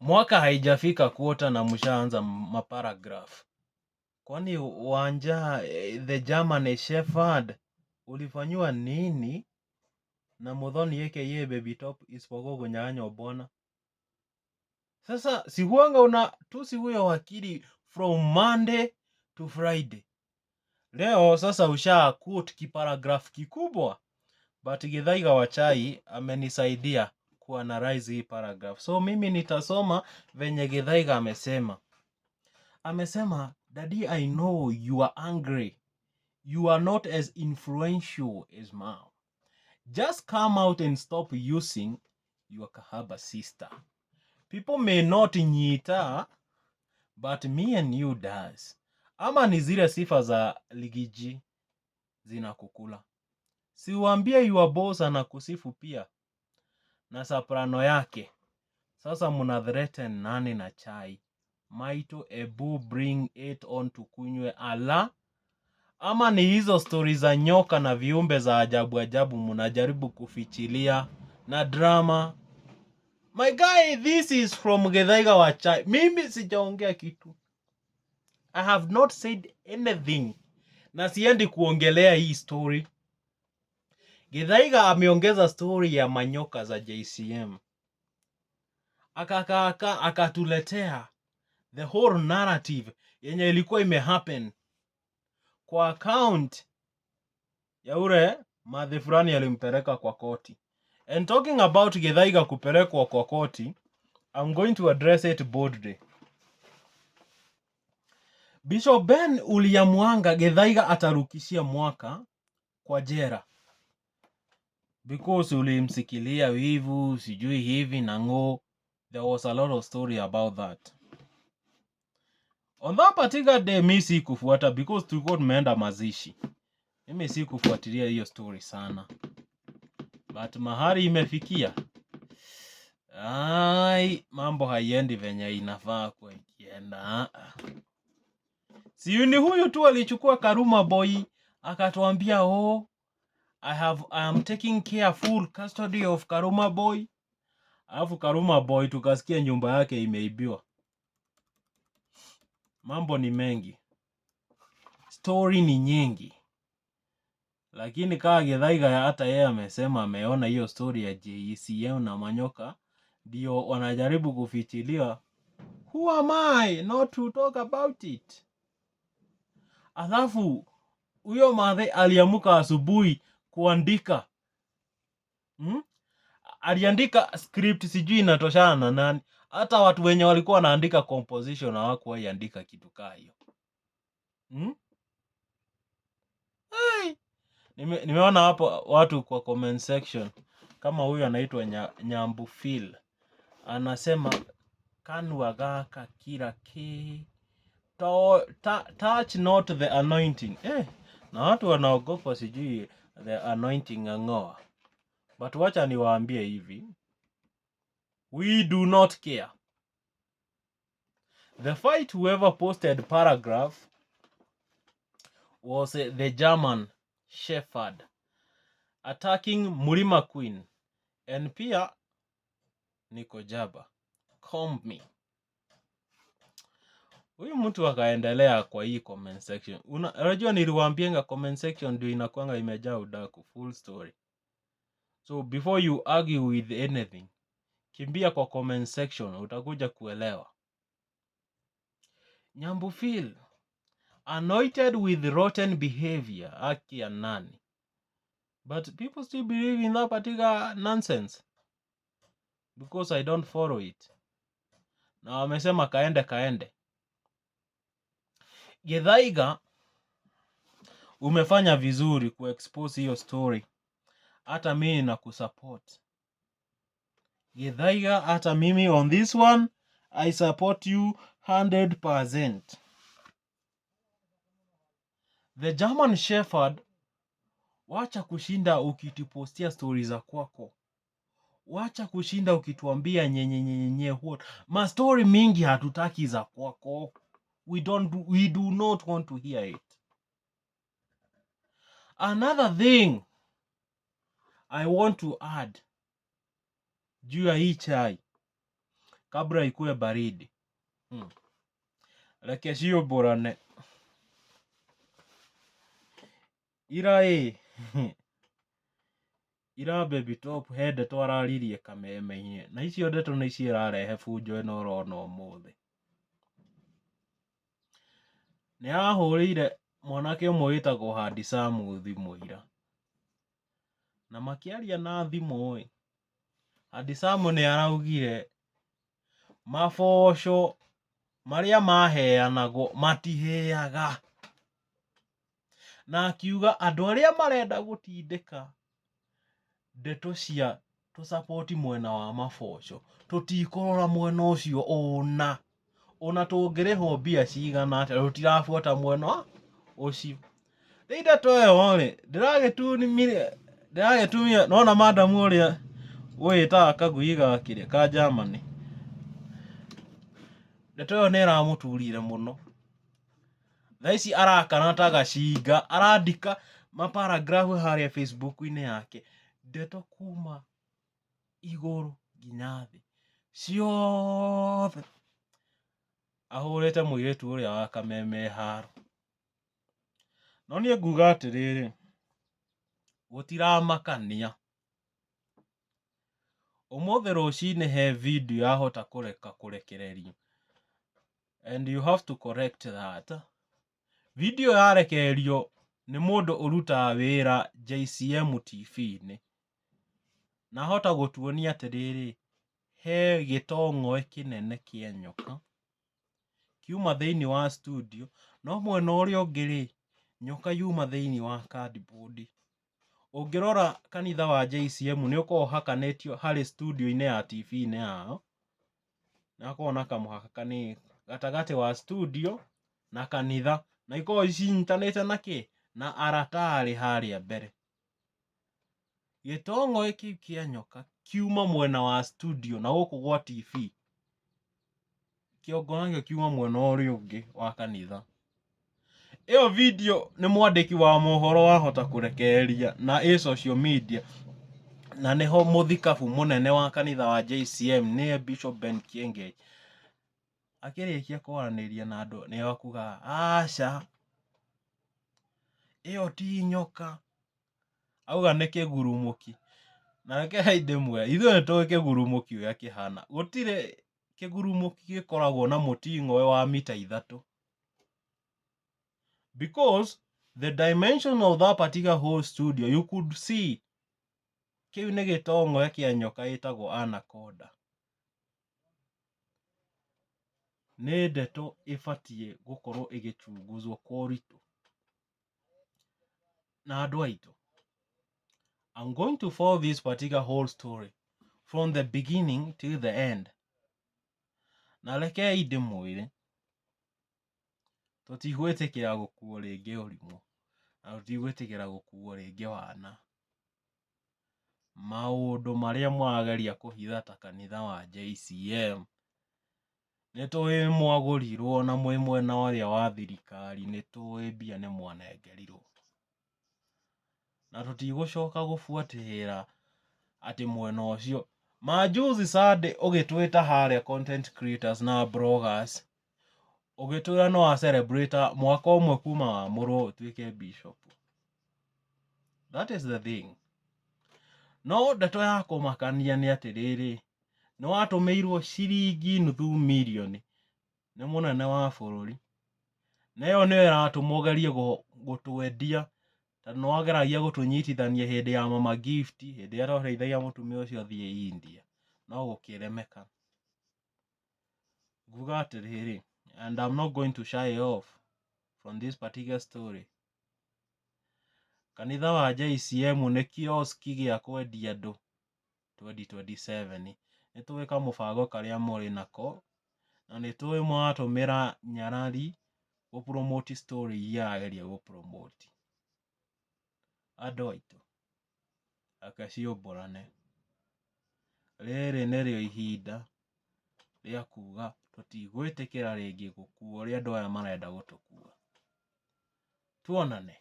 Mwaka haijafika kuota na mshaanza maparagraph. Kwani wanja eh, the German Shepherd ulifanyiwa nini na mudhoni yeke ye baby top isipokuwa kunyang'anya ubona? Sasa si huanga unatusi huyo wakili from Monday to Friday. Leo sasa usha kut kiparagraph kikubwa, but gidhaiga Wachai amenisaidia kuanalyze hii paragraph. So mimi nitasoma venye Githaiga amesema. Amesema, Daddy, I know you are angry. You are not as influential as mom. Just come out and stop using your kahaba sister. People may not nyita, but me and you does. Ama ni zile sifa za ligiji zinakukula. Siuambie your boss anakusifu pia na soprano yake. Sasa muna threaten nani na chai? Maito ebu bring it on tukunywe ala ama ni hizo stori za nyoka na viumbe za ajabu ajabu munajaribu kufichilia na drama. My guy, this is from Gethaiga wa chai. Mimi sijaongea kitu. I have not said anything. Na siendi kuongelea hii story. Githaiga ameongeza stori ya manyoka za JCM akakaka akatuletea the whole narrative yenye ilikuwa imehappen kwa account ya ule madhe fulani alimpeleka kwa koti. And talking about Githaiga kupelekwa kwa koti, I'm going to address it boldly. Bishop Ben Uliamwanga Githaiga atarukishia mwaka kwa jera because ulimsikilia wivu sijui hivi na ngo there was a lot of story about that on that particular day mi si kufuata because tulikuwa tumeenda mazishi mimi sikufuatilia hiyo story sana but mahari imefikia ai mambo haiendi venye inafaa kwa ikienda siuni huyu tu alichukua karuma boy akatuambia o oh, I have I am taking care full custody of Karuma boy. Alafu Karuma boy tukasikia nyumba yake imeibiwa. Mambo ni mengi, Story ni nyingi, lakini kaa Githaiga hata yeye amesema ameona hiyo story ya JCM e na Manyoka ndio wanajaribu kufichilia. Who am I not to talk about it? Alafu huyo madhe aliamuka asubuhi kuandika hmm? Aliandika script sijui inatoshana na nani. Hata watu wenye walikuwa wanaandika composition hawakuwaiandika kitu kaa hiyo hmm? Nime, nimeona hapo watu kwa comment section kama huyu anaitwa fil anasema kanwagaka kila ki touch not the anointing eh, na watu wanaogopa sijui the anointing Ang'oa. But wacha niwaambie hivi, we do not care. The fight whoever posted paragraph was eh, the German Shepherd attacking murima Queen and pia Niko Jaba. Comb me. Huyu mtu akaendelea kwa hii comment section. Una- Unajua niliwaambianga comment section ndio inakuanga imejaa udaku, full story. So before you argue with anything, kimbia kwa comment section utakuja kuelewa. Nyambu feel anointed with rotten behavior, aki ya nani? But people still believe in that particular nonsense because I don't follow it. Na wamesema kaende kaende gedhaiga umefanya vizuri kuexpose hiyo story, hata mimi nakusupport Githaiga, hata mimi on this one I support you 100%. The German Shepherd, wacha kushinda ukitupostia stori za kwako, wacha kushinda ukituambia nyenyenyenyenye, huo mastori mingi hatutaki za kwako we don't do, we do not want to hear it another thing i want to add juu ya hii chai kabla ikuwe baridi hmm. reke ciũmbũrane ira ĩ e, ira baby top he araririe kameme na icio ndeto na icio irarehe bunjo ĩno rono ũmũthĩ Nĩ ahũrĩire mwanake ũmwe wĩtagwo Hadi Samu thimũ ira. Na makĩaria na thimũ-ĩ, Hadi Samu araugire maboco marĩa maheanagwo matihĩaga, na akiuga andũ arĩa marenda gũtindĩka ndeto cia tũ support mwena wa maboco tũtikũrora mwena ũcio ũna ona tũngĩrĩhwo mbia cigana atĩa tũtirabuata mwena ũcio Ritatu ĩyo rĩ ndĩragĩtumire nona madamu ũrĩa gwĩtaga kagui gakĩrĩa ka Germany ndeto ĩyo nĩ ĩramũturire mũno thaa ici arakana ta gacinga arandika maparagrafu harĩa Facebook-inĩ yake ndeto kuma igũrũ nginya thĩ ciothe ahũrĩte mũirĩtu ũrĩa wa kameme haro. No niĩ nguga atĩrĩrĩ, gũtiramakania ũmũthĩ rũcinĩ he video yahota kũreka kũrekererio and you have to correct that. Video yarekererio nĩ mũndũ ũrutaga wĩra JCM TV-inĩ na ahota gũtuonia atĩrĩrĩ, he gĩtong'oe kĩnene kĩa nyoka kiuma thĩinĩ wa studio no mwena ũrĩa ũngĩ rĩ, nyoka yuma thĩinĩ wa cardboard ungirora kanitha wa JCM nĩũkoragwo ũhakanĩtio harĩa studio ine ya TV ine yao, na hakoragwo na kamũhaka kanini gatagatĩ wa studio na kanitha na ikoragwo internet na ke na aratarĩ harĩa mbere. Gĩtong'oĩ kĩu kĩa nyoka kiuma mwena wa studio na gũkũ gwa TV kiongo na kiuma mwena ũrĩa ungi wa kanitha iyo video ni mwandĩki wa mohoro wahota kurekeria na ĩ social media na nĩho mũthikabu munene wa kanitha wa JCM nĩye Bishop Ben Kiengei akĩrĩkia kwaraniria na andũ nĩo akugaga acha iyo ti nyoka auga nĩ kĩgurumũki na ke haide mwe ndĩmwĩre ithuĩ nĩtũĩ kĩgurumũki ũrĩa kihana gũtirĩ kĩgurumo gĩkoragwo na mũting'o wa mita ithatũ. Because the dimension of that particular whole studio you could see kĩu nĩ gĩtong'oe kĩa nyoka ĩtagwo anaconda. Nĩ ndeto ĩbatiĩ gũkorwo ĩgĩchunguzwo kwa ũritũ. Na andũ aitũ, I'm going to follow this particular whole story from the beginning till the end. Na rekei ndĩmwĩre, tũtigwĩtĩkĩra gũkuo rĩngĩ ũrimũ, na tũtigwĩtĩkĩra gũkuo rĩngĩ wana. Maũndũ maria mwageria kũhitha ta kanitha wa JCM, nĩtũĩ mwagũrirwo na mwĩ mwena ũrĩa wa thirikari nĩtũĩ mbia nĩ mwanengerirwo. Na tũtigũcoka gũbuatĩrĩra atĩ mwena ũcio Majuzi sade ũgĩtwĩta harĩa content creators na bloggers ũgĩtwĩra no celebrate mwaka ũmwe kuma wamũrwo ũtuĩke bishop. That is the thing. No ndeto ya kũmakania nĩ atĩrĩrĩ, nĩ watũmĩirwo ciringi nuthu mirioni nĩ mũnene wa bũrũri. Na ĩyo nĩyo ĩratũma ũgerie gũtwendia tondå no ageragia gå tå nyitithania hä ndä ya mama gift hä ndä ä rä a twateithagia må tumia å cio thiä india no gå kä remeka nguga atä rä rä and I'm not going to shy off from this particular story kanitha wa JCM nä kioski gä a kwendia andå 2027 nä tå ka må bango karä a må rä nako na nä tå ä mwatå mä ra nyarari gå iria ageria gå andũ aitũ, reke ciũmbũrane. Rĩrĩ nĩrĩo ihinda rĩa kuga tũtigwĩtĩkĩra rĩngĩ gũkuo ũrĩa andũ aya marenda gũtũkua. Tuonane.